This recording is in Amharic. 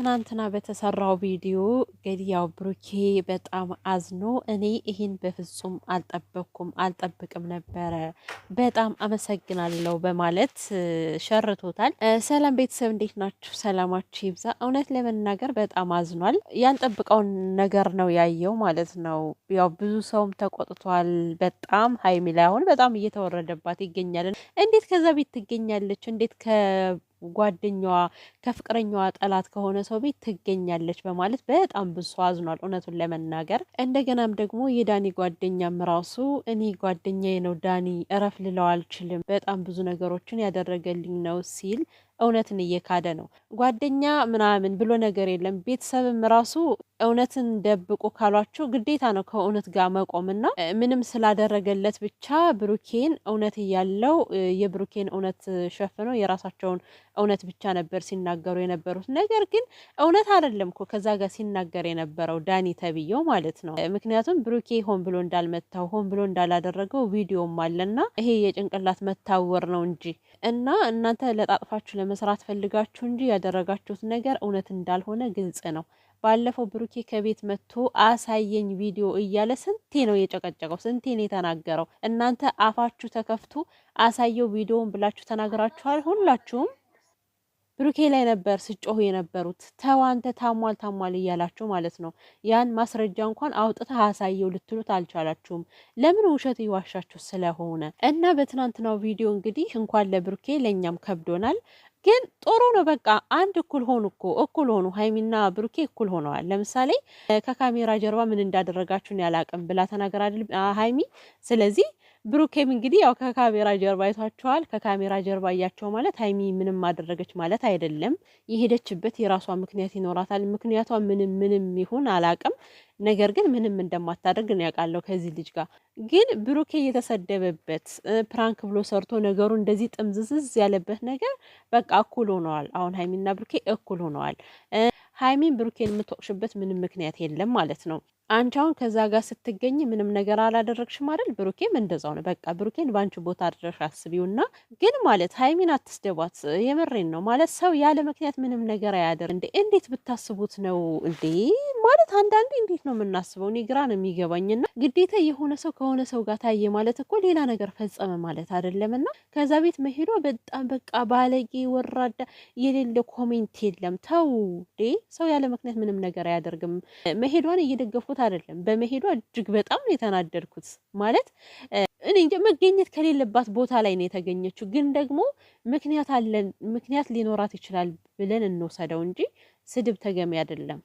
ትናንትና በተሰራው ቪዲዮ እንግዲህ ብሩኬ በጣም አዝኖ እኔ ይህን በፍጹም አልጠበቅኩም አልጠብቅም ነበረ በጣም አመሰግናለሁ በማለት ሸርቶታል። ሰላም ቤተሰብ እንዴት ናችሁ? ሰላማችሁ ይብዛ። እውነት ለመናገር በጣም አዝኗል። ያልጠብቀውን ነገር ነው ያየው ማለት ነው። ያው ብዙ ሰውም ተቆጥቷል። በጣም ሀይሚ ላይ አሁን በጣም እየተወረደባት ይገኛል። እንዴት ከዛ ቤት ትገኛለች? እንዴት ከ ጓደኛዋ ከፍቅረኛዋ ጠላት ከሆነ ሰው ቤት ትገኛለች በማለት በጣም ብዙ ሰው አዝኗል። እውነቱን ለመናገር እንደገናም ደግሞ የዳኒ ጓደኛም ራሱ እኔ ጓደኛዬ ነው ዳኒ እረፍ ልለው አልችልም፣ በጣም ብዙ ነገሮችን ያደረገልኝ ነው ሲል እውነትን እየካደ ነው። ጓደኛ ምናምን ብሎ ነገር የለም። ቤተሰብም ራሱ እውነትን ደብቁ ካሏቸው ግዴታ ነው ከእውነት ጋር መቆምና ምንም ስላደረገለት ብቻ ብሩኬን እውነት እያለው የብሩኬን እውነት ሸፍነው የራሳቸውን እውነት ብቻ ነበር ሲናገሩ የነበሩት። ነገር ግን እውነት አይደለም እኮ ከዛ ጋር ሲናገር የነበረው ዳኒ ተብዬው ማለት ነው። ምክንያቱም ብሩኬ ሆን ብሎ እንዳልመታው ሆን ብሎ እንዳላደረገው ቪዲዮም አለና ይሄ የጭንቅላት መታወር ነው እንጂ እና እናንተ ለጣጥፋችሁ ለመስራት ፈልጋችሁ እንጂ ያደረጋችሁት ነገር እውነት እንዳልሆነ ግልጽ ነው። ባለፈው ብሩኬ ከቤት መጥቶ አሳየኝ ቪዲዮ እያለ ስንቴ ነው የጨቀጨቀው፣ ስንቴ ነው የተናገረው። እናንተ አፋችሁ ተከፍቶ አሳየው ቪዲዮውን ብላችሁ ተናግራችኋል። ሁላችሁም ብሩኬ ላይ ነበር ስጮሁ የነበሩት። ተዋንተ ታሟል ታሟል እያላችሁ ማለት ነው። ያን ማስረጃ እንኳን አውጥተህ አሳየው ልትሉት አልቻላችሁም። ለምን ውሸት ይዋሻችሁ ስለሆነ እና በትናንትናው ቪዲዮ እንግዲህ እንኳን ለብሩኬ ለእኛም ከብዶናል። ግን ጥሩ ነው። በቃ አንድ እኩል ሆኑ እኮ እኩል ሆኑ። ሀይሚና ብሩኬ እኩል ሆነዋል። ለምሳሌ ከካሜራ ጀርባ ምን እንዳደረጋችሁን ያላቅም ብላ ተናገር አይደል ሀይሚ። ስለዚህ ብሩኬም እንግዲህ ያው ከካሜራ ጀርባ አይቷቸዋል። ከካሜራ ጀርባ እያቸው ማለት ሀይሚ ምንም አደረገች ማለት አይደለም። የሄደችበት የራሷ ምክንያት ይኖራታል። ምክንያቷ ምንም ምንም ይሁን አላቅም፣ ነገር ግን ምንም እንደማታደርግ ነው ያውቃለሁ። ከዚህ ልጅ ጋር ግን ብሩኬ የተሰደበበት ፕራንክ ብሎ ሰርቶ ነገሩ እንደዚህ ጥምዝዝዝ ያለበት ነገር በቃ እኩል ሆነዋል። አሁን ሀይሚና ብሩኬ እኩል ሆነዋል። ሀይሚን ብሩኬን የምትወቅሽበት ምንም ምክንያት የለም ማለት ነው። አንቺ አሁን ከዛ ጋር ስትገኝ ምንም ነገር አላደረግሽም አይደል? ብሩኬም እንደዛው ነው። በቃ ብሩኬን በአንቺ ቦታ አድረሽ አስቢውና፣ ግን ማለት ሀይሚን አትስደቧት። የምሬን ነው ማለት ሰው ያለ ምክንያት ምንም ነገር አያደር እንዴ! እንዴት ብታስቡት ነው እንዴ? ማለት አንዳንዴ እንዴት ነው የምናስበው? እኔ ግራ ነው የሚገባኝና ግዴታ የሆነ ሰው ከሆነ ሰው ጋር ታየ ማለት እኮ ሌላ ነገር ፈጸመ ማለት እና ከዛ ቤት መሄዷ በጣም በቃ ባለጌ ወራዳ፣ የሌለ ኮሜንት የለም። ተው ሰው ያለ ምክንያት ምንም ነገር አያደርግም። መሄዷን እየደገፉት አይደለም በመሄዷ እጅግ በጣም ነው የተናደድኩት። ማለት እኔ እንጃ መገኘት ከሌለባት ቦታ ላይ ነው የተገኘችው። ግን ደግሞ ምክንያት አለን ምክንያት ሊኖራት ይችላል ብለን እንወሰደው እንጂ ስድብ ተገቢ አይደለም።